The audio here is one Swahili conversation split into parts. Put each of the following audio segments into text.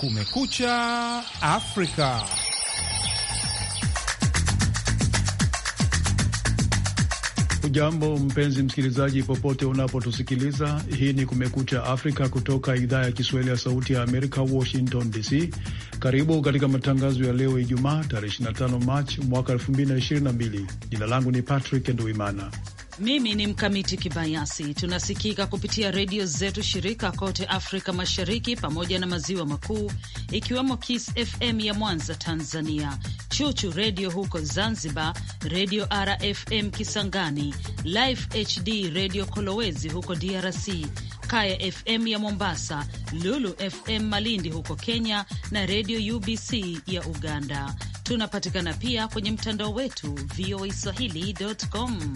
Kumekucha Afrika. Ujambo mpenzi msikilizaji, popote unapotusikiliza, hii ni Kumekucha Afrika kutoka idhaa ya Kiswahili ya Sauti ya Amerika, Washington DC. Karibu katika matangazo ya leo Ijumaa, tarehe 25 Machi mwaka 2022. Jina langu ni Patrick Nduimana mimi ni Mkamiti Kibayasi. Tunasikika kupitia redio zetu shirika kote Afrika Mashariki pamoja na Maziwa Makuu, ikiwemo Kiss FM ya Mwanza Tanzania, Chuchu Redio huko Zanzibar, Redio RFM Kisangani, Life HD Redio Kolowezi huko DRC, Kaya FM ya Mombasa, Lulu FM Malindi huko Kenya na Redio UBC ya Uganda. Tunapatikana pia kwenye mtandao wetu voa Swahili.com.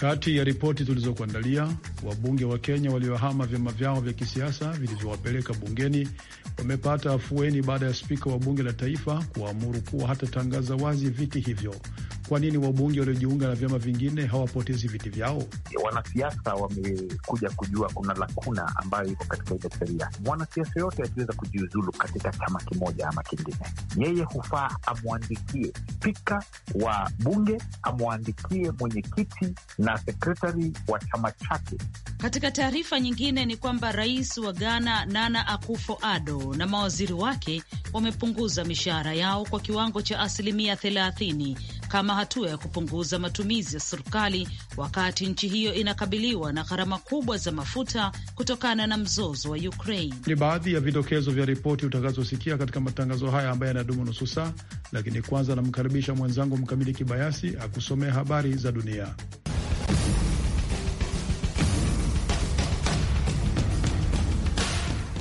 Kati ya ripoti tulizokuandalia, wabunge wa Kenya waliohama vyama vyao vya kisiasa vilivyowapeleka bungeni wamepata afueni baada ya spika wa bunge la taifa kuwaamuru kuwa hatatangaza wazi viti hivyo. Kwa nini wabunge waliojiunga na vyama vingine hawapotezi viti vyao? Wanasiasa wamekuja kujua kuna lakuna ambayo iko katika hizo sheria. Mwanasiasa yoyote akiweza kujiuzulu katika chama kimoja ama kingine, yeye hufaa amwandikie spika wa bunge, amwandikie mwenyekiti na sekretari wa chama chake. Katika taarifa nyingine ni kwamba rais wa Ghana Nana akufo ado na mawaziri wake wamepunguza mishahara yao kwa kiwango cha asilimia 30 kama hatua ya kupunguza matumizi ya serikali wakati nchi hiyo inakabiliwa na gharama kubwa za mafuta kutokana na mzozo wa Ukraine. Ni baadhi ya vidokezo vya ripoti utakazosikia katika matangazo haya ambayo yanadumu nusu saa, lakini kwanza namkaribisha mwenzangu Mkamili Kibayasi akusomea habari za dunia.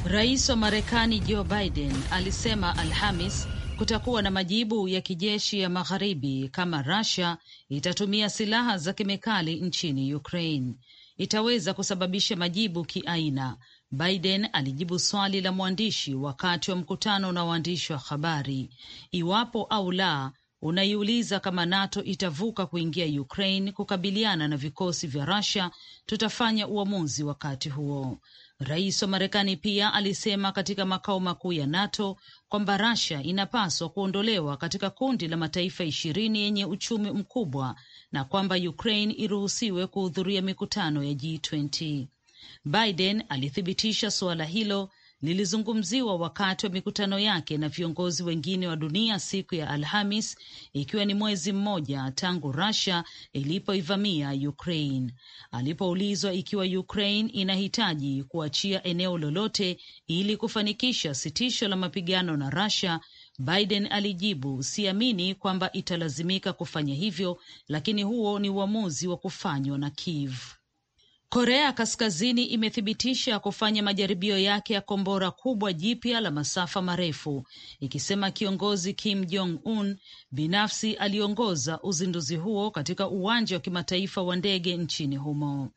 Rais wa Marekani Joe Biden alisema Alhamis kutakuwa na majibu ya kijeshi ya magharibi kama Russia itatumia silaha za kemikali nchini Ukraine. Itaweza kusababisha majibu kiaina, Biden alijibu swali la mwandishi wakati wa mkutano na waandishi wa habari, iwapo au la unaiuliza kama NATO itavuka kuingia Ukraine kukabiliana na vikosi vya Russia, tutafanya uamuzi wakati huo. Rais wa Marekani pia alisema katika makao makuu ya NATO kwamba Russia inapaswa kuondolewa katika kundi la mataifa ishirini yenye uchumi mkubwa na kwamba Ukraine iruhusiwe kuhudhuria mikutano ya G20. Biden alithibitisha suala hilo lilizungumziwa wakati wa mikutano yake na viongozi wengine wa dunia siku ya Alhamis, ikiwa ni mwezi mmoja tangu Russia ilipoivamia Ukraine. Alipoulizwa ikiwa Ukraine inahitaji kuachia eneo lolote ili kufanikisha sitisho la mapigano na Russia, Biden alijibu, siamini kwamba italazimika kufanya hivyo, lakini huo ni uamuzi wa kufanywa na Kiev. Korea Kaskazini imethibitisha kufanya majaribio yake ya kombora kubwa jipya la masafa marefu, ikisema kiongozi Kim Jong Un binafsi aliongoza uzinduzi huo katika uwanja wa kimataifa wa ndege nchini humo.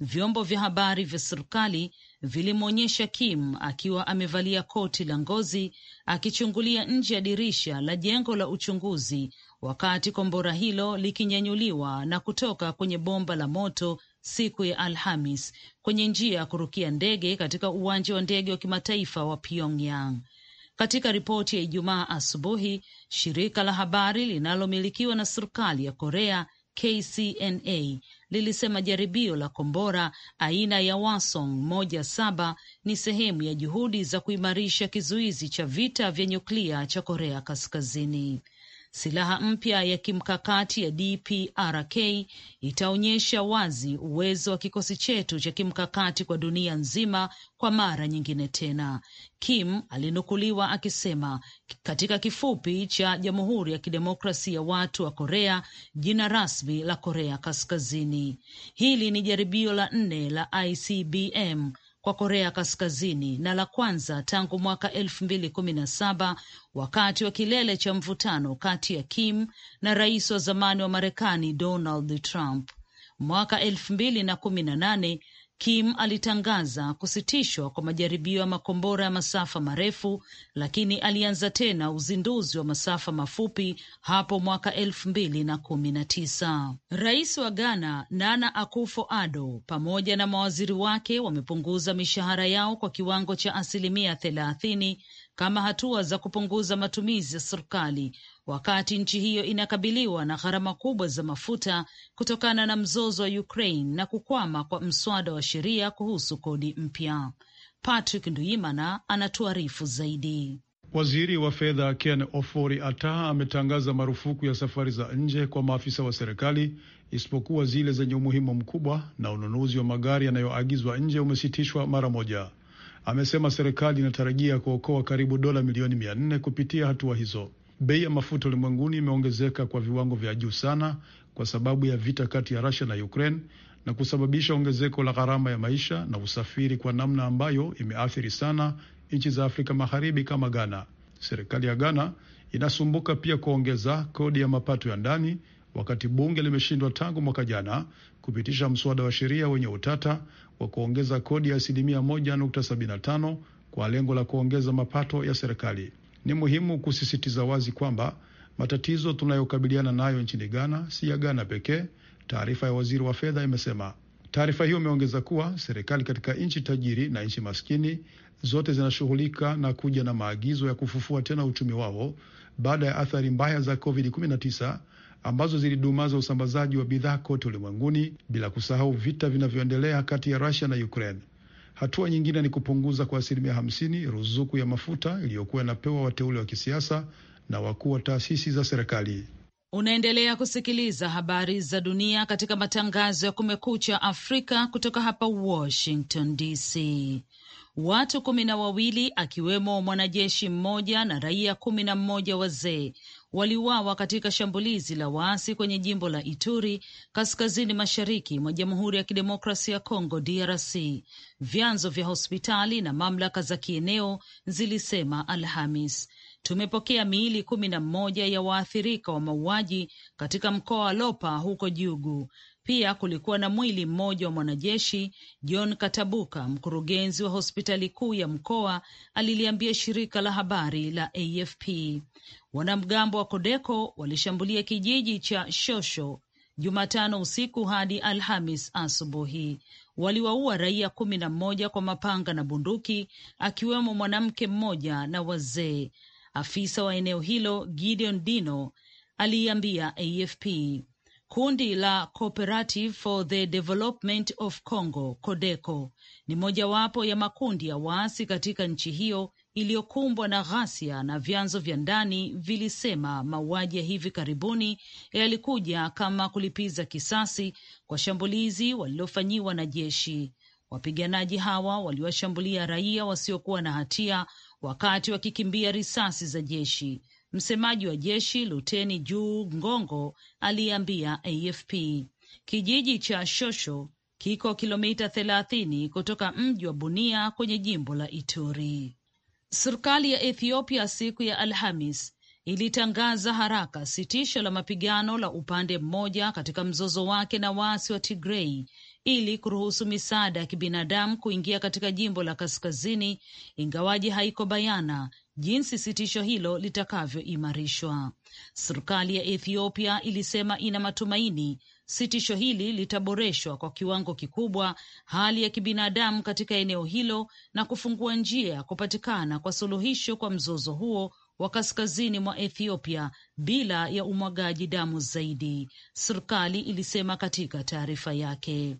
Vyombo vya habari vya serikali vilimwonyesha Kim akiwa amevalia koti la ngozi akichungulia nje ya dirisha la jengo la uchunguzi wakati kombora hilo likinyanyuliwa na kutoka kwenye bomba la moto siku ya Alhamis kwenye njia ya kurukia ndege katika uwanja wa ndege wa kimataifa wa Pyongyang. Katika ripoti ya Ijumaa asubuhi, shirika la habari linalomilikiwa na serikali ya Korea KCNA lilisema jaribio la kombora aina ya Wasong 17 ni sehemu ya juhudi za kuimarisha kizuizi cha vita vya nyuklia cha Korea Kaskazini. Silaha mpya ya kimkakati ya DPRK itaonyesha wazi uwezo wa kikosi chetu cha kimkakati kwa dunia nzima kwa mara nyingine tena, Kim alinukuliwa akisema katika kifupi cha Jamhuri ya Kidemokrasi ya Watu wa Korea, jina rasmi la Korea Kaskazini. Hili ni jaribio la nne la ICBM kwa Korea Kaskazini na la kwanza tangu mwaka elfu mbili kumi na saba wakati wa kilele cha mvutano kati ya Kim na rais wa zamani wa Marekani Donald Trump. Mwaka elfu mbili na kumi na nane Kim alitangaza kusitishwa kwa majaribio ya makombora ya masafa marefu, lakini alianza tena uzinduzi wa masafa mafupi hapo mwaka elfu mbili na kumi na tisa. Rais wa Ghana Nana akufo ado pamoja na mawaziri wake wamepunguza mishahara yao kwa kiwango cha asilimia thelathini kama hatua za kupunguza matumizi ya serikali wakati nchi hiyo inakabiliwa na gharama kubwa za mafuta kutokana na mzozo wa Ukraine na kukwama kwa mswada wa sheria kuhusu kodi mpya. Patrick nduimana anatuarifu zaidi. Waziri wa fedha Ken Ofori Ataha ametangaza marufuku ya safari za nje kwa maafisa wa serikali isipokuwa zile zenye umuhimu mkubwa, na ununuzi wa magari yanayoagizwa nje umesitishwa mara moja amesema serikali inatarajia kuokoa karibu dola milioni mia nne kupitia hatua hizo. Bei ya mafuta ulimwenguni imeongezeka kwa viwango vya juu sana kwa sababu ya vita kati ya Rusia na Ukraine na kusababisha ongezeko la gharama ya maisha na usafiri kwa namna ambayo imeathiri sana nchi za Afrika Magharibi kama Ghana. Serikali ya Ghana inasumbuka pia kuongeza kodi ya mapato ya ndani wakati bunge limeshindwa tangu mwaka jana kupitisha mswada wa sheria wenye utata kwa kuongeza kodi ya asilimia moja nukta tano kwa lengo la kuongeza mapato ya serikali. Ni muhimu kusisitiza wazi kwamba matatizo tunayokabiliana nayo nchini Ghana si ya Ghana pekee, taarifa ya waziri wa fedha imesema. Taarifa hiyo imeongeza kuwa serikali katika nchi tajiri na nchi maskini zote zinashughulika na kuja na maagizo ya kufufua tena uchumi wao baada ya athari mbaya za COVID-19 ambazo zilidumaza usambazaji wa bidhaa kote ulimwenguni, bila kusahau vita vinavyoendelea kati ya rasia na Ukraine. Hatua nyingine ni kupunguza kwa asilimia 50 ruzuku ya mafuta iliyokuwa inapewa wateule wa kisiasa na wakuu wa taasisi za serikali. Unaendelea kusikiliza habari za dunia katika matangazo ya Kumekucha Afrika kutoka hapa Washington DC. Watu kumi na wawili akiwemo mwanajeshi mmoja na raia kumi na mmoja wazee waliuawa katika shambulizi la waasi kwenye jimbo la Ituri kaskazini mashariki mwa Jamhuri ya Kidemokrasia ya Kongo DRC, vyanzo vya hospitali na mamlaka za kieneo zilisema Alhamis. Tumepokea miili kumi na mmoja ya waathirika wa mauaji katika mkoa wa Lopa huko Jugu. Pia kulikuwa na mwili mmoja wa mwanajeshi John Katabuka, mkurugenzi wa hospitali kuu ya mkoa, aliliambia shirika la habari la AFP. Wanamgambo wa Kodeko walishambulia kijiji cha Shosho Jumatano usiku hadi Alhamis asubuhi. Waliwaua raia kumi na mmoja kwa mapanga na bunduki, akiwemo mwanamke mmoja na wazee Afisa wa eneo hilo Gideon Dino aliiambia AFP kundi la Cooperative for the Development of Congo CODECO ni mojawapo ya makundi ya waasi katika nchi hiyo iliyokumbwa na ghasia, na vyanzo vya ndani vilisema mauaji ya hivi karibuni yalikuja kama kulipiza kisasi kwa shambulizi walilofanyiwa na jeshi. Wapiganaji hawa waliwashambulia raia wasiokuwa na hatia wakati wakikimbia risasi za jeshi. Msemaji wa jeshi Luteni Juu Ngongo aliambia AFP kijiji cha Shosho kiko kilomita thelathini kutoka mji wa Bunia kwenye jimbo la Ituri. Serikali ya Ethiopia siku ya Alhamis ilitangaza haraka sitisho la mapigano la upande mmoja katika mzozo wake na waasi wa Tigrei ili kuruhusu misaada ya kibinadamu kuingia katika jimbo la kaskazini, ingawaji haiko bayana jinsi sitisho hilo litakavyoimarishwa. Serikali ya Ethiopia ilisema ina matumaini sitisho hili litaboreshwa kwa kiwango kikubwa hali ya kibinadamu katika eneo hilo na kufungua njia ya kupatikana kwa suluhisho kwa mzozo huo wa kaskazini mwa Ethiopia bila ya umwagaji damu zaidi, serikali ilisema katika taarifa yake.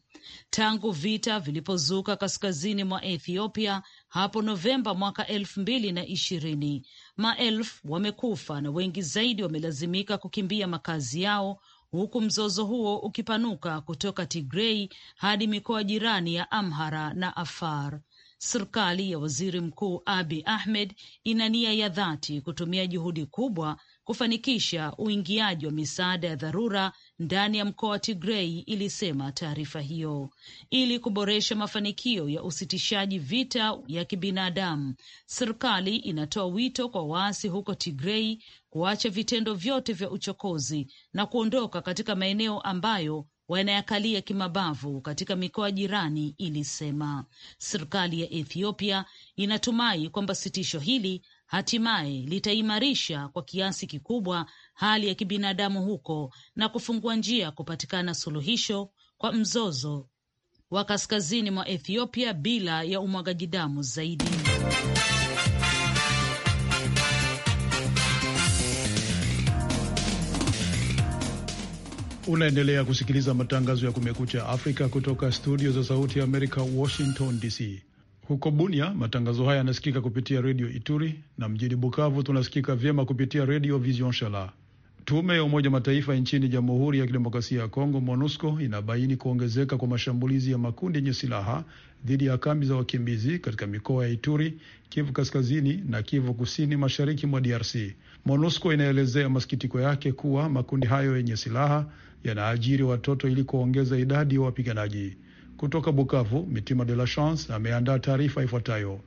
Tangu vita vilipozuka kaskazini mwa Ethiopia hapo Novemba mwaka elfu mbili na ishirini, maelfu wamekufa na wengi zaidi wamelazimika kukimbia makazi yao huku mzozo huo ukipanuka kutoka Tigrei hadi mikoa jirani ya Amhara na Afar. Serikali ya Waziri Mkuu Abi Ahmed ina nia ya dhati kutumia juhudi kubwa kufanikisha uingiaji wa misaada ya dharura ndani ya mkoa wa Tigrei, ilisema taarifa hiyo. Ili kuboresha mafanikio ya usitishaji vita ya kibinadamu, serikali inatoa wito kwa waasi huko Tigrei kuacha vitendo vyote vya uchokozi na kuondoka katika maeneo ambayo wanayakalia kimabavu katika mikoa jirani, ilisema. Serikali ya Ethiopia inatumai kwamba sitisho hili hatimaye litaimarisha kwa kiasi kikubwa hali ya kibinadamu huko na kufungua njia kupatikana suluhisho kwa mzozo wa kaskazini mwa Ethiopia bila ya umwagaji damu zaidi. Unaendelea kusikiliza matangazo ya Kumekucha Afrika kutoka studio za Sauti ya Amerika, Washington DC. Huko Bunia, matangazo haya yanasikika kupitia redio Ituri na mjini Bukavu tunasikika vyema kupitia redio Vision Shala. Tume ya Umoja Mataifa nchini Jamhuri ya Kidemokrasia ya Kongo, MONUSCO, inabaini kuongezeka kwa mashambulizi ya makundi yenye silaha dhidi ya kambi za wakimbizi katika mikoa ya Ituri, Kivu Kaskazini na Kivu Kusini, mashariki mwa DRC. MONUSCO inaelezea masikitiko yake kuwa makundi hayo yenye silaha yanaajiri watoto ili kuongeza idadi ya wapiganaji. Kutoka Bukavu, Mitima de la Chance ameandaa taarifa ifuatayo.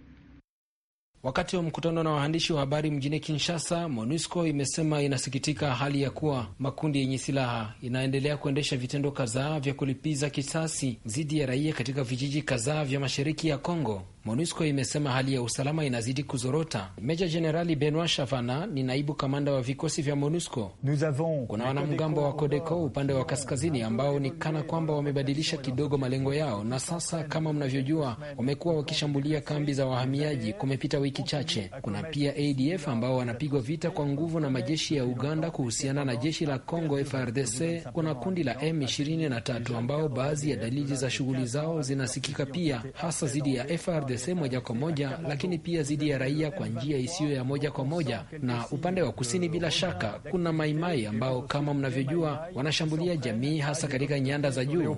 Wakati wa mkutano na waandishi wa habari mjini Kinshasa, MONUSCO imesema inasikitika hali ya kuwa makundi yenye silaha inaendelea kuendesha vitendo kadhaa vya kulipiza kisasi dhidi ya raia katika vijiji kadhaa vya mashariki ya Kongo. MONUSCO imesema hali ya usalama inazidi kuzorota. Meja Jenerali Benoit Chavana ni naibu kamanda wa vikosi vya MONUSCO. Kuna wanamgambo wa CODECO upande wa kaskazini ambao ni kana kwamba wamebadilisha kidogo malengo yao, na sasa kama mnavyojua, wamekuwa wakishambulia kambi za wahamiaji. Kumepita wiki chache. Kuna pia ADF ambao wanapigwa vita kwa nguvu na majeshi ya Uganda kuhusiana na jeshi la Congo frdc Kuna kundi la M23 ambao baadhi ya dalili za shughuli zao zinasikika pia, hasa dhidi ya FRDC. FARDC moja kwa moja, lakini pia dhidi ya raia kwa njia isiyo ya moja kwa moja. Na upande wa kusini, bila shaka, kuna maimai ambao kama mnavyojua wanashambulia jamii hasa katika nyanda za juu.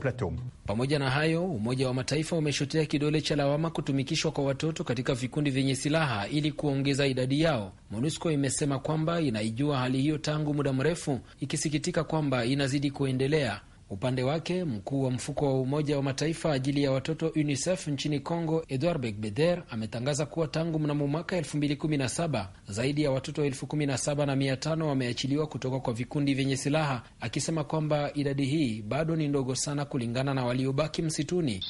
Pamoja na hayo, Umoja wa Mataifa umeshotea kidole cha lawama kutumikishwa kwa watoto katika vikundi vyenye silaha ili kuongeza idadi yao. MONUSCO imesema kwamba inaijua hali hiyo tangu muda mrefu, ikisikitika kwamba inazidi kuendelea. Upande wake mkuu wa mfuko wa Umoja wa Mataifa ajili ya watoto UNICEF nchini Congo, edward Begbeder ametangaza kuwa tangu mnamo mwaka 2017 zaidi ya watoto 17,500 wameachiliwa kutoka kwa vikundi vyenye silaha, akisema kwamba idadi hii bado ni ndogo sana kulingana na waliobaki msituni.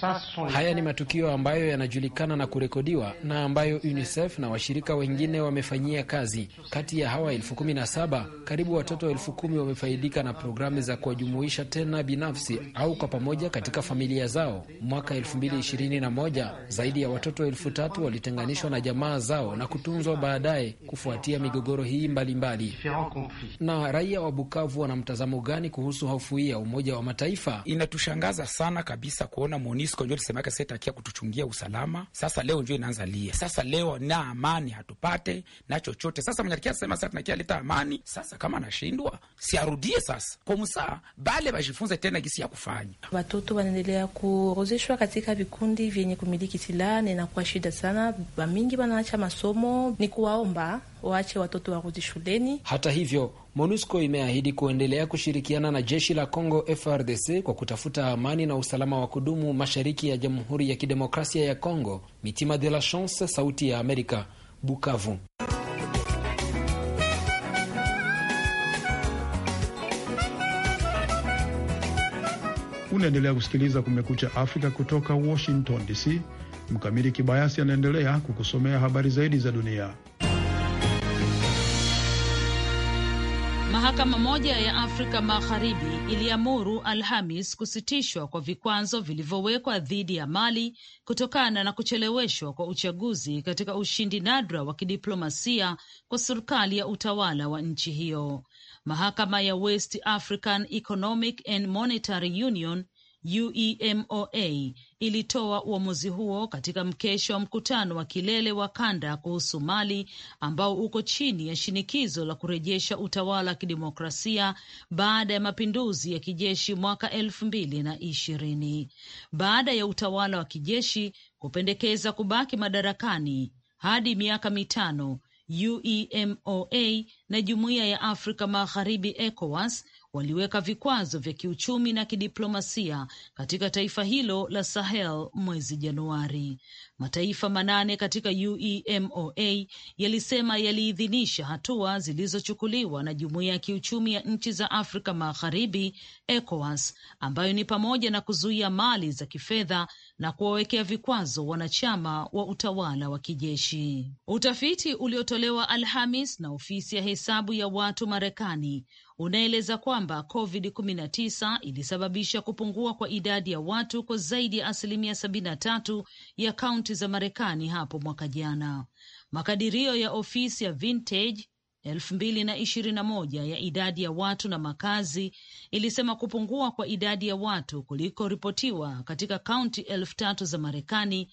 Haya ni matukio ambayo yanajulikana na kurekodiwa na ambayo UNICEF na washirika wengine wamefanyia kazi. Kati ya hawa 17,000 karibu watoto 10,000 wamefaidika na programu za kuwajumuisha tena binafsi au kwa pamoja katika familia zao. Mwaka 2021 zaidi ya watoto elfu tatu walitenganishwa na jamaa zao na kutunzwa baadaye kufuatia migogoro hii mbalimbali mbali. Na raia wa Bukavu wana mtazamo gani kuhusu hofu hii ya Umoja wa Mataifa? Inatushangaza sana kabisa kuona MONUSCO njo lisemaka setakia kutuchungia usalama, sasa leo njo inaanza lia sasa leo na amani hatupate na chochote sasa mnyakiasema sasa leta amani sasa, kama anashindwa siarudie sasa kwa msaa bale bajifunza tuwaeleze tena gisi ya kufanya. Watoto wanaendelea kuorozeshwa katika vikundi vyenye kumiliki silaha na inakuwa shida sana, bamingi wanaacha masomo. Ni kuwaomba waache watoto warudi shuleni. Hata hivyo MONUSCO imeahidi kuendelea kushirikiana na jeshi la Congo FRDC kwa kutafuta amani na usalama wa kudumu mashariki ya Jamhuri ya Kidemokrasia ya Congo. Mitima de la Chance, Sauti ya Amerika, Bukavu. Unaendelea kusikiliza Kumekucha Afrika kutoka Washington DC. Mkamili Kibayasi anaendelea kukusomea habari zaidi za dunia. Mahakama moja ya Afrika Magharibi iliamuru Alhamis kusitishwa kwa vikwazo vilivyowekwa dhidi ya Mali kutokana na kucheleweshwa kwa uchaguzi katika ushindi nadra wa kidiplomasia kwa serikali ya utawala wa nchi hiyo. Mahakama ya West African Economic and Monetary Union UEMOA ilitoa uamuzi huo katika mkesha wa mkutano wa kilele wa kanda kuhusu Mali ambao uko chini ya shinikizo la kurejesha utawala wa kidemokrasia baada ya mapinduzi ya kijeshi mwaka elfu mbili na ishirini baada ya utawala wa kijeshi kupendekeza kubaki madarakani hadi miaka mitano UEMOA na Jumuiya ya Afrika Magharibi ECOWAS waliweka vikwazo vya kiuchumi na kidiplomasia katika taifa hilo la Sahel mwezi Januari. Mataifa manane katika UEMOA yalisema yaliidhinisha hatua zilizochukuliwa na jumuiya ya kiuchumi ya nchi za Afrika Magharibi, ECOWAS, ambayo ni pamoja na kuzuia mali za kifedha na kuwawekea vikwazo wanachama wa utawala wa kijeshi. Utafiti uliotolewa Alhamis na ofisi ya hesabu ya watu Marekani unaeleza kwamba COVID-19 ilisababisha kupungua kwa idadi ya watu kwa zaidi ya asilimia 73 ya kaunti za Marekani hapo mwaka jana. Makadirio ya ofisi ya Vintage moja ya idadi ya watu na makazi ilisema kupungua kwa idadi ya watu kulikoripotiwa katika kaunti elfu tatu za Marekani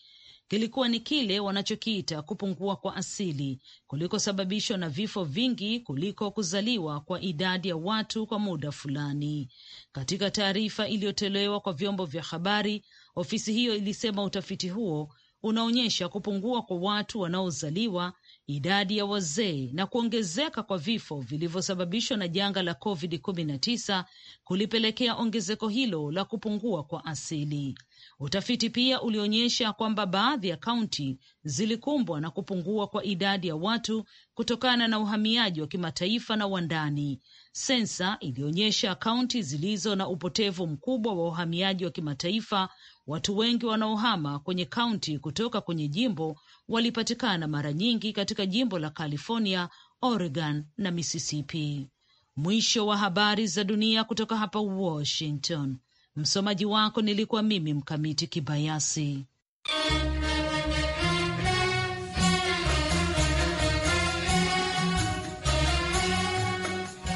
kilikuwa ni kile wanachokiita kupungua kwa asili kulikosababishwa na vifo vingi kuliko kuzaliwa kwa idadi ya watu kwa muda fulani. Katika taarifa iliyotolewa kwa vyombo vya habari, ofisi hiyo ilisema utafiti huo unaonyesha kupungua kwa watu wanaozaliwa, idadi ya wazee na kuongezeka kwa vifo vilivyosababishwa na janga la COVID-19 kulipelekea ongezeko hilo la kupungua kwa asili. Utafiti pia ulionyesha kwamba baadhi ya kaunti zilikumbwa na kupungua kwa idadi ya watu kutokana na uhamiaji wa kimataifa na wa ndani. Sensa ilionyesha kaunti zilizo na upotevu mkubwa wa uhamiaji wa kimataifa. Watu wengi wanaohama kwenye kaunti kutoka kwenye jimbo walipatikana mara nyingi katika jimbo la California, Oregon na Mississippi. Mwisho wa habari za dunia kutoka hapa Washington. Msomaji wako nilikuwa mimi Mkamiti Kibayasi.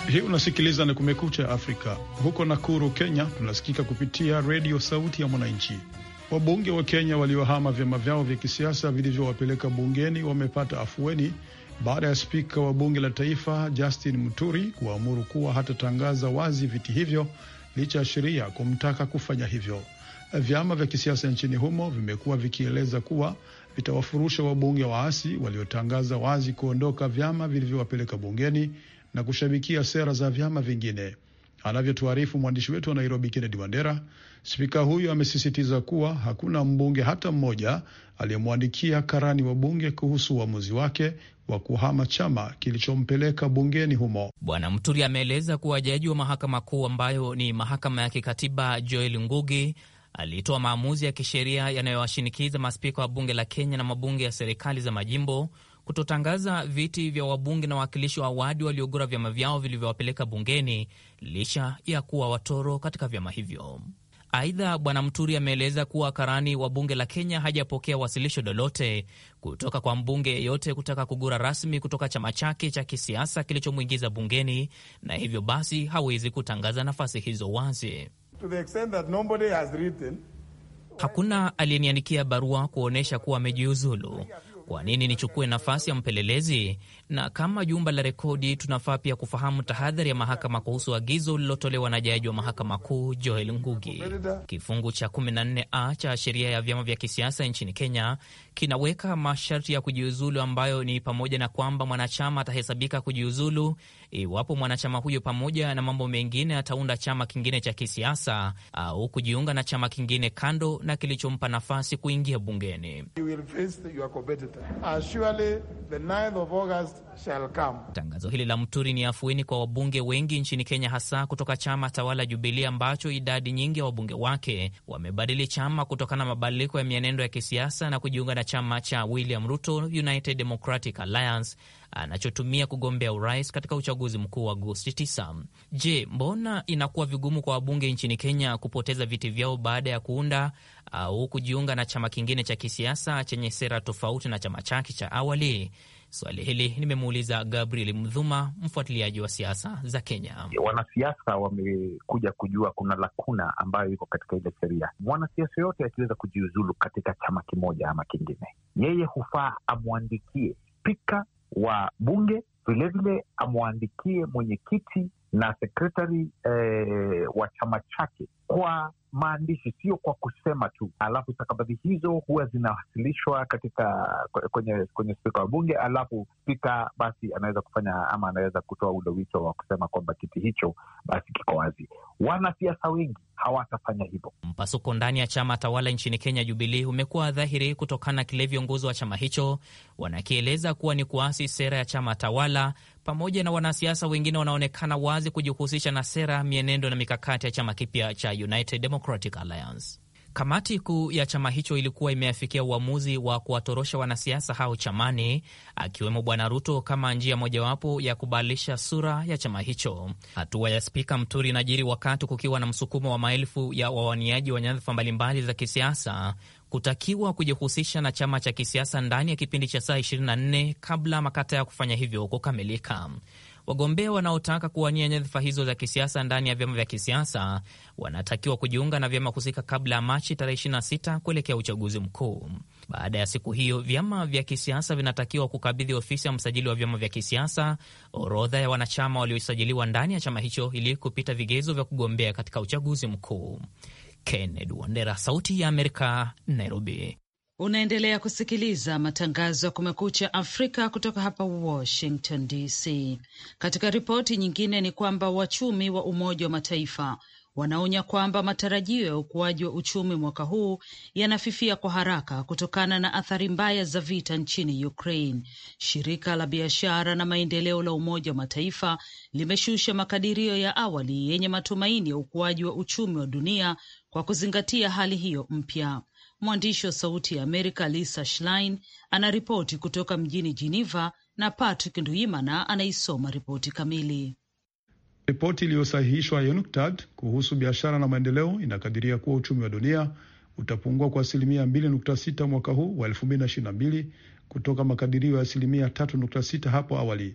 Hii unasikiliza ni Kumekucha Afrika. Huko Nakuru, Kenya, tunasikika kupitia redio Sauti ya Mwananchi. Wabunge wa Kenya waliohama vyama vyao vya kisiasa vilivyowapeleka bungeni wamepata afueni baada ya spika wa bunge la taifa Justin Muturi kuwaamuru kuwa hatatangaza wazi viti hivyo licha ya sheria kumtaka kufanya hivyo. Vyama vya kisiasa nchini humo vimekuwa vikieleza kuwa vitawafurusha wabunge waasi waliotangaza wazi kuondoka vyama vilivyowapeleka bungeni na kushabikia sera za vyama vingine. Anavyotuarifu mwandishi wetu wa Nairobi, Kennedy Wandera. Spika huyo amesisitiza kuwa hakuna mbunge hata mmoja aliyemwandikia karani wa bunge kuhusu uamuzi wake wa kuhama chama kilichompeleka bungeni humo. Bwana Mturi ameeleza kuwa jaji wa mahakama kuu ambayo ni mahakama ya kikatiba Joel Ngugi alitoa maamuzi ya kisheria yanayowashinikiza maspika wa bunge la Kenya na mabunge ya serikali za majimbo kutotangaza viti vya wabunge na wawakilishi wa wadi waliogura vyama vyao vilivyowapeleka bungeni licha ya kuwa watoro katika vyama hivyo. Aidha, Bwana Mturi ameeleza kuwa karani wa bunge la Kenya hajapokea wasilisho lolote kutoka kwa mbunge yeyote kutaka kugura rasmi kutoka chama chake cha kisiasa kilichomwingiza bungeni, na hivyo basi hawezi kutangaza nafasi hizo wazi. Hakuna aliyeniandikia barua kuonyesha kuwa amejiuzulu. Kwa nini nichukue nafasi ya mpelelezi? Na kama jumba la rekodi, tunafaa pia kufahamu tahadhari ya mahakama kuhusu agizo lililotolewa na jaji wa mahakama kuu Joel Ngugi. Kifungu cha 14a cha sheria ya vyama vya kisiasa nchini Kenya kinaweka masharti ya kujiuzulu ambayo ni pamoja na kwamba mwanachama atahesabika kujiuzulu iwapo mwanachama huyo pamoja na mambo mengine ataunda chama kingine cha kisiasa au kujiunga na chama kingine kando na kilichompa nafasi kuingia bungeni. You will face The 9th of August shall come. Tangazo hili la mturi ni afueni kwa wabunge wengi nchini Kenya, hasa kutoka chama tawala jubilia ambacho idadi nyingi ya wabunge wake wamebadili chama kutokana na mabadiliko ya mienendo ya kisiasa na kujiunga na chama cha William Ruto United Democratic Alliance Ah, anachotumia kugombea urais katika uchaguzi mkuu wa Agosti 9. Je, mbona inakuwa vigumu kwa wabunge nchini Kenya kupoteza viti vyao baada ya kuunda ah, au kujiunga na chama kingine cha kisiasa chenye sera tofauti na chama chake cha awali? Swali hili nimemuuliza Gabriel Mdhuma, mfuatiliaji wa siasa za Kenya. Wanasiasa wamekuja kujua kuna lakuna ambayo iko katika ile sheria. Mwanasiasa yoyote akiweza kujiuzulu katika chama kimoja ama kingine, yeye hufaa amwandikie spika wa bunge, vilevile amwandikie mwenyekiti na sekretari eh, wa chama chake kwa maandishi, sio kwa kusema tu. Alafu stakabadhi hizo huwa zinawasilishwa katika kwenye kwenye spika wa bunge, alafu spika basi anaweza kufanya ama anaweza kutoa ule wito wa kusema kwamba kiti hicho basi kiko wazi. Wanasiasa wengi hawatafanya hivyo. Mpasuko ndani ya chama tawala nchini Kenya, Jubilii, umekuwa dhahiri kutokana na kile viongozi wa chama hicho wanakieleza kuwa ni kuasi sera ya chama tawala pamoja na wanasiasa wengine wanaonekana wazi kujihusisha na sera, mienendo na mikakati ya chama kipya cha United Democratic Alliance. Kamati kuu ya chama hicho ilikuwa imeafikia uamuzi wa kuwatorosha wanasiasa hao chamani, akiwemo Bwana Ruto kama njia mojawapo ya kubadilisha sura ya chama hicho. Hatua ya Spika mturi inajiri wakati kukiwa na msukumo wa maelfu ya wawaniaji wa nyadhifa mbalimbali za kisiasa kutakiwa kujihusisha na chama cha kisiasa ndani ya kipindi cha saa 24 kabla makata ya kufanya hivyo kukamilika. Wagombea wanaotaka kuwania nyadhifa hizo za kisiasa ndani ya vyama vya kisiasa wanatakiwa kujiunga na vyama husika kabla ya Machi tarehe 26 kuelekea uchaguzi mkuu. Baada ya siku hiyo, vyama vya kisiasa vinatakiwa kukabidhi ofisi ya msajili wa vyama vya kisiasa orodha ya wanachama waliosajiliwa ndani ya chama hicho ili kupita vigezo vya kugombea katika uchaguzi mkuu. Kennedy Wandera, Sauti ya Amerika, Nairobi. Unaendelea kusikiliza matangazo ya Kumekucha Afrika kutoka hapa Washington DC. Katika ripoti nyingine ni kwamba wachumi wa Umoja wa Mataifa wanaonya kwamba matarajio ya ukuaji wa uchumi mwaka huu yanafifia kwa haraka kutokana na athari mbaya za vita nchini Ukraine. Shirika la biashara na maendeleo la Umoja wa Mataifa limeshusha makadirio ya awali yenye matumaini ya ukuaji wa uchumi wa dunia kwa kuzingatia hali hiyo mpya. Mwandishi wa Sauti ya Amerika Lisa Schlein anaripoti kutoka mjini Geneva na Patrick Nduimana anaisoma ripoti kamili. Ripoti iliyosahihishwa ya UNCTAD kuhusu biashara na maendeleo inakadiria kuwa uchumi wa dunia utapungua kwa asilimia 2.6 mwaka huu wa 2022 kutoka makadirio ya asilimia 3.6 hapo awali.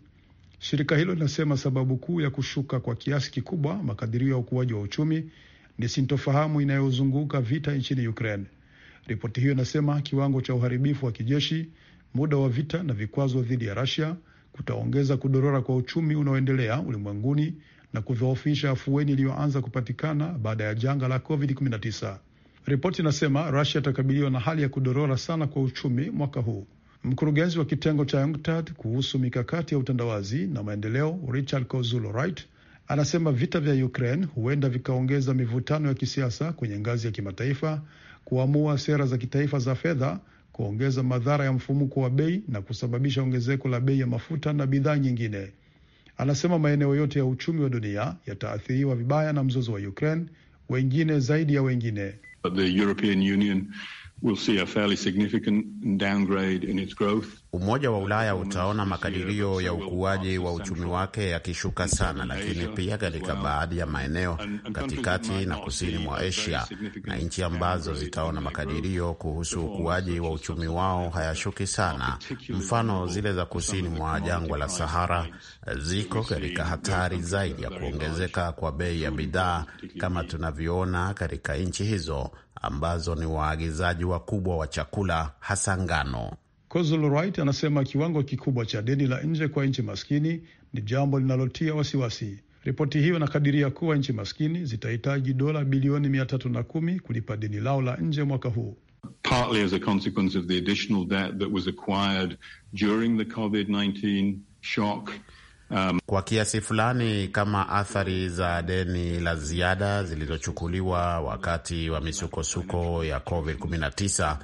Shirika hilo linasema sababu kuu ya kushuka kwa kiasi kikubwa makadirio ya ukuaji wa uchumi ni sintofahamu inayozunguka vita nchini Ukraine. Ripoti hiyo inasema kiwango cha uharibifu wa kijeshi, muda wa vita na vikwazo dhidi ya Russia kutaongeza kudorora kwa uchumi unaoendelea ulimwenguni na kudhoofisha afueni iliyoanza kupatikana baada ya janga la COVID-19. Ripoti inasema Russia itakabiliwa na hali ya kudorora sana kwa uchumi mwaka huu. Mkurugenzi wa kitengo cha UNCTAD kuhusu mikakati ya utandawazi na maendeleo Richard Kozulo Wright Anasema vita vya Ukraine huenda vikaongeza mivutano ya kisiasa kwenye ngazi ya kimataifa, kuamua sera za kitaifa za fedha, kuongeza madhara ya mfumuko wa bei na kusababisha ongezeko la bei ya mafuta na bidhaa nyingine. Anasema maeneo yote ya uchumi wa dunia yataathiriwa vibaya na mzozo wa Ukraine, wengine zaidi ya wengine. The European Union We'll see a fairly significant downgrade in its growth. Umoja wa Ulaya utaona makadirio ya ukuaji wa uchumi wake yakishuka sana, lakini pia katika baadhi ya maeneo katikati na kusini mwa Asia, na nchi ambazo zitaona makadirio kuhusu ukuaji wa uchumi wao hayashuki sana, mfano zile za kusini mwa jangwa la Sahara, ziko katika hatari zaidi ya kuongezeka kwa bei ya bidhaa kama tunavyoona katika nchi hizo ambazo ni waagizaji wakubwa wa chakula hasa ngano. Kozlright anasema kiwango kikubwa cha deni la nje kwa nchi maskini ni jambo linalotia wasiwasi. Ripoti hiyo inakadiria kuwa nchi maskini zitahitaji dola bilioni mia tatu na kumi kulipa deni lao la nje mwaka huu. Partly as a consequence of the additional debt that was acquired during the COVID-19 shock um, kwa kiasi fulani kama athari za deni la ziada zilizochukuliwa wakati wa misukosuko ya COVID-19.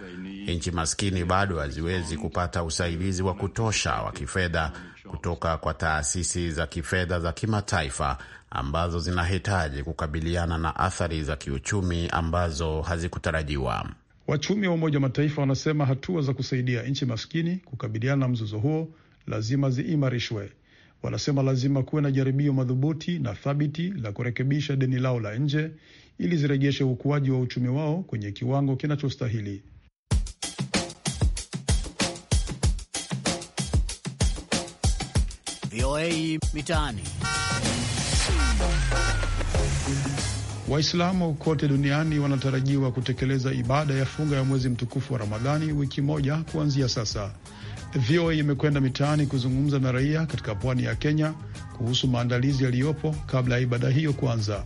Nchi maskini bado haziwezi kupata usaidizi wa kutosha wa kifedha kutoka kwa taasisi za kifedha za kimataifa ambazo zinahitaji kukabiliana na athari za kiuchumi ambazo hazikutarajiwa. Wachumi wa Umoja wa Mataifa wanasema hatua za kusaidia nchi maskini kukabiliana na mzozo huo lazima ziimarishwe wanasema lazima kuwe na jaribio madhubuti na thabiti la kurekebisha deni lao la nje ili zirejeshe ukuaji wa uchumi wao kwenye kiwango kinachostahili. VOA Mitaani. Waislamu kote duniani wanatarajiwa kutekeleza ibada ya funga ya mwezi mtukufu wa Ramadhani wiki moja kuanzia sasa. VOA imekwenda mitaani kuzungumza na raia katika pwani ya Kenya kuhusu maandalizi yaliyopo kabla ya ibada hiyo kuanza.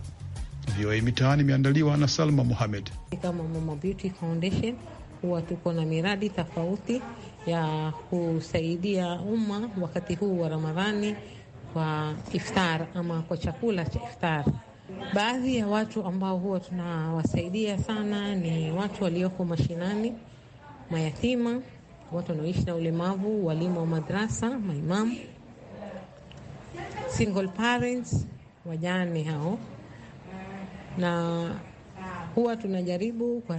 VOA Mitaani imeandaliwa na Salma Muhamed. Kama Mama Beauty Foundation huwa tuko na miradi tofauti ya kusaidia umma wakati huu wa Ramadhani kwa iftar ama kwa chakula cha iftar. Baadhi ya watu ambao huwa tunawasaidia sana ni watu walioko mashinani, mayatima watu wanaoishi na ulemavu, walimu wa madrasa, maimamu, single parents, wajane hao, na huwa tunajaribu kwa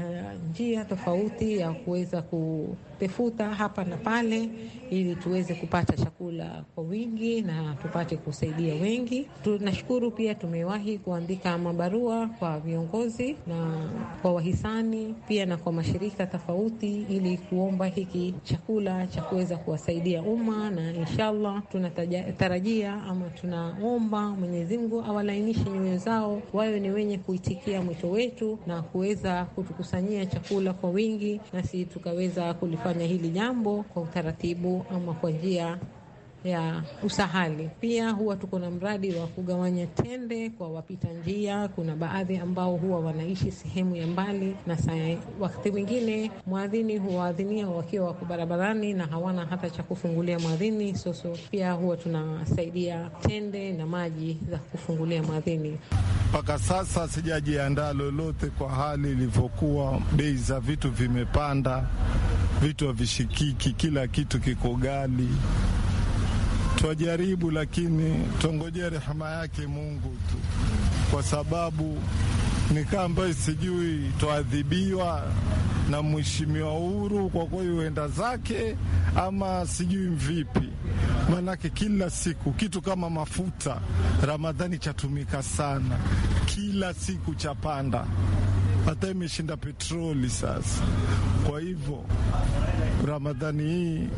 njia tofauti ya kuweza ku pefuta hapa na pale, ili tuweze kupata chakula kwa wingi na tupate kusaidia wengi. Tunashukuru pia tumewahi kuandika mabarua kwa viongozi na kwa wahisani pia na kwa mashirika tofauti, ili kuomba hiki chakula cha kuweza kuwasaidia umma, na inshallah tunatarajia ama tunaomba Mwenyezi Mungu awalainishe nyoyo zao, wawe ni wenye kuitikia mwito wetu na kuweza kutukusanyia chakula kwa wingi, nasi tukaweza kulifanya kufanya hili jambo kwa utaratibu ama kwa njia ya usahali. Pia huwa tuko na mradi wa kugawanya tende kwa wapita njia. Kuna baadhi ambao huwa wanaishi sehemu ya mbali, na wakati mwingine mwadhini huwaadhinia wakiwa wako barabarani na hawana hata cha kufungulia mwadhini. Soso pia huwa tunasaidia tende na maji za kufungulia mwadhini. Mpaka sasa sijajiandaa lolote kwa hali ilivyokuwa, bei za vitu vimepanda vitu havishikiki, kila kitu kiko gali Twajaribu, lakini twangojea rehema yake Mungu tu, kwa sababu ni ambayo sijui twaadhibiwa na mheshimiwa Uhuru kwa kweli uenda zake ama sijui mvipi, maanake kila siku kitu kama mafuta Ramadhani chatumika sana, kila siku chapanda hata imeshinda petroli sasa. Kwa hivyo Ramadhani hii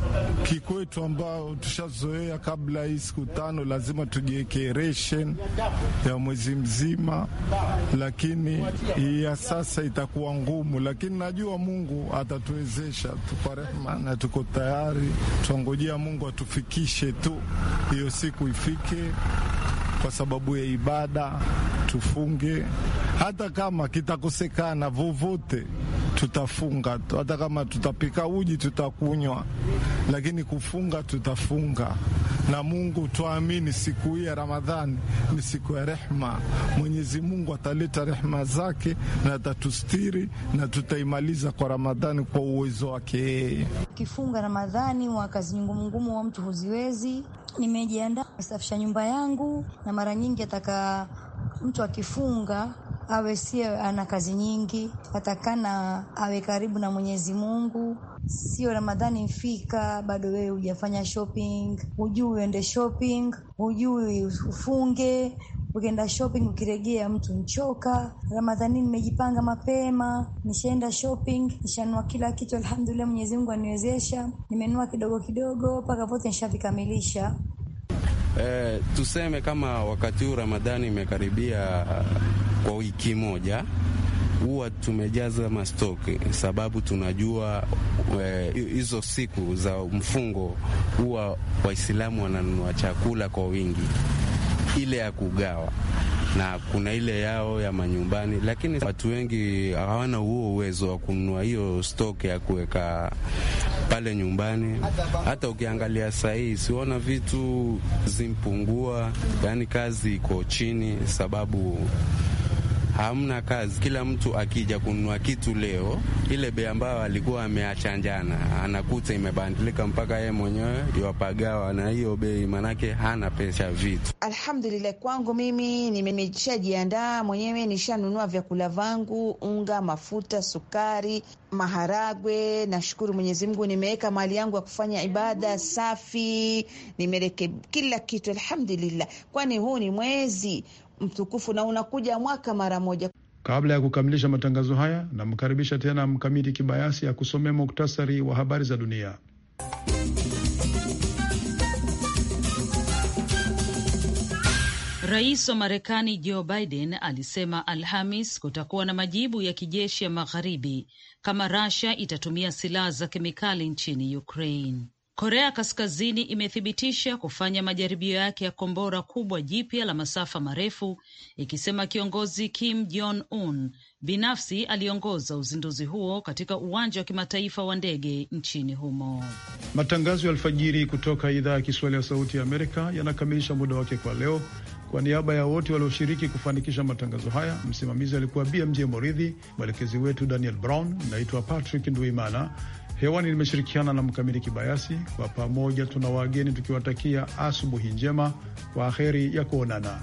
kikwetu, ambao tushazoea kabla hii siku tano, lazima tujiweke ration ya mwezi mzima, lakini ya sasa itakuwa ngumu, lakini najua Mungu atatuwezesha tu kwa rehema, na tuko tayari, twangojea Mungu atufikishe tu hiyo siku ifike kwa sababu ya ibada tufunge, hata kama kitakosekana vovote tutafunga, hata kama tutapika uji tutakunywa, lakini kufunga tutafunga. Na Mungu tuamini, siku hii ya Ramadhani ni siku ya rehma. Mwenyezi Mungu ataleta rehma zake na atatustiri, na tutaimaliza kwa Ramadhani kwa uwezo wake yeye. Kifunga Ramadhani wa kazi ngumu ngumu wa mtu huziwezi, nimejiandaa kusafisha nyumba yangu, na mara nyingi ataka mtu akifunga awe sio ana kazi nyingi, patakana awe karibu na Mwenyezi Mungu. Sio Ramadhani mfika bado wewe hujafanya shopping, hujui uende shopping, hujui ufunge ukienda shopping ukiregea mtu mchoka. Ramadhani nimejipanga mapema, nishaenda shopping, nishanua kila kitu, alhamdulillah. Mwenyezi Mungu aniwezesha, nimenua kidogo kidogo mpaka vote nishavikamilisha eh, tuseme kama wakati huu Ramadhani imekaribia uh, kwa wiki moja huwa tumejaza mastoki sababu tunajua eh, hizo e, siku za mfungo huwa Waislamu wananunua chakula kwa wingi ile ya kugawa na kuna ile yao ya manyumbani, lakini watu wengi hawana huo uwezo wa kununua hiyo stok ya kuweka pale nyumbani. Hata ukiangalia sahii, siona vitu zimpungua, yaani kazi iko chini sababu hamna kazi. Kila mtu akija kununua kitu leo, ile bei ambayo alikuwa ameachanjana anakuta imebadilika, mpaka yeye mwenyewe iwapagawa na hiyo bei, manake hana pesa vitu. Alhamdulillah, kwangu mimi nimeshajiandaa mwenyewe, nishanunua vyakula vangu, unga, mafuta, sukari, maharagwe. Nashukuru Mwenyezi Mungu, nimeweka mali yangu ya kufanya ibada safi, nimereke kila kitu alhamdulillah, kwani huu ni mwezi mtukufu na unakuja mwaka mara moja. Kabla ya kukamilisha matangazo haya, namkaribisha tena Mkamiti Kibayasi akusomea muktasari wa habari za dunia. Rais wa Marekani Joe Biden alisema Alhamis kutakuwa na majibu ya kijeshi ya magharibi kama Russia itatumia silaha za kemikali nchini Ukraine. Korea Kaskazini imethibitisha kufanya majaribio yake ya kombora kubwa jipya la masafa marefu, ikisema kiongozi Kim Jong Un binafsi aliongoza uzinduzi huo katika uwanja wa kimataifa wa ndege nchini humo. Matangazo ya alfajiri kutoka idhaa ya Kiswahili ya Sauti ya Amerika yanakamilisha muda wake kwa leo. Kwa niaba ya wote walioshiriki kufanikisha matangazo haya, msimamizi alikuwa BMJ Moridhi, mwelekezi wetu Daniel Brown. Naitwa Patrick Nduimana. Hewani nimeshirikiana na Mkamili Kibayasi. Kwa pamoja tuna wageni tukiwatakia asubuhi njema, kwa heri ya kuonana.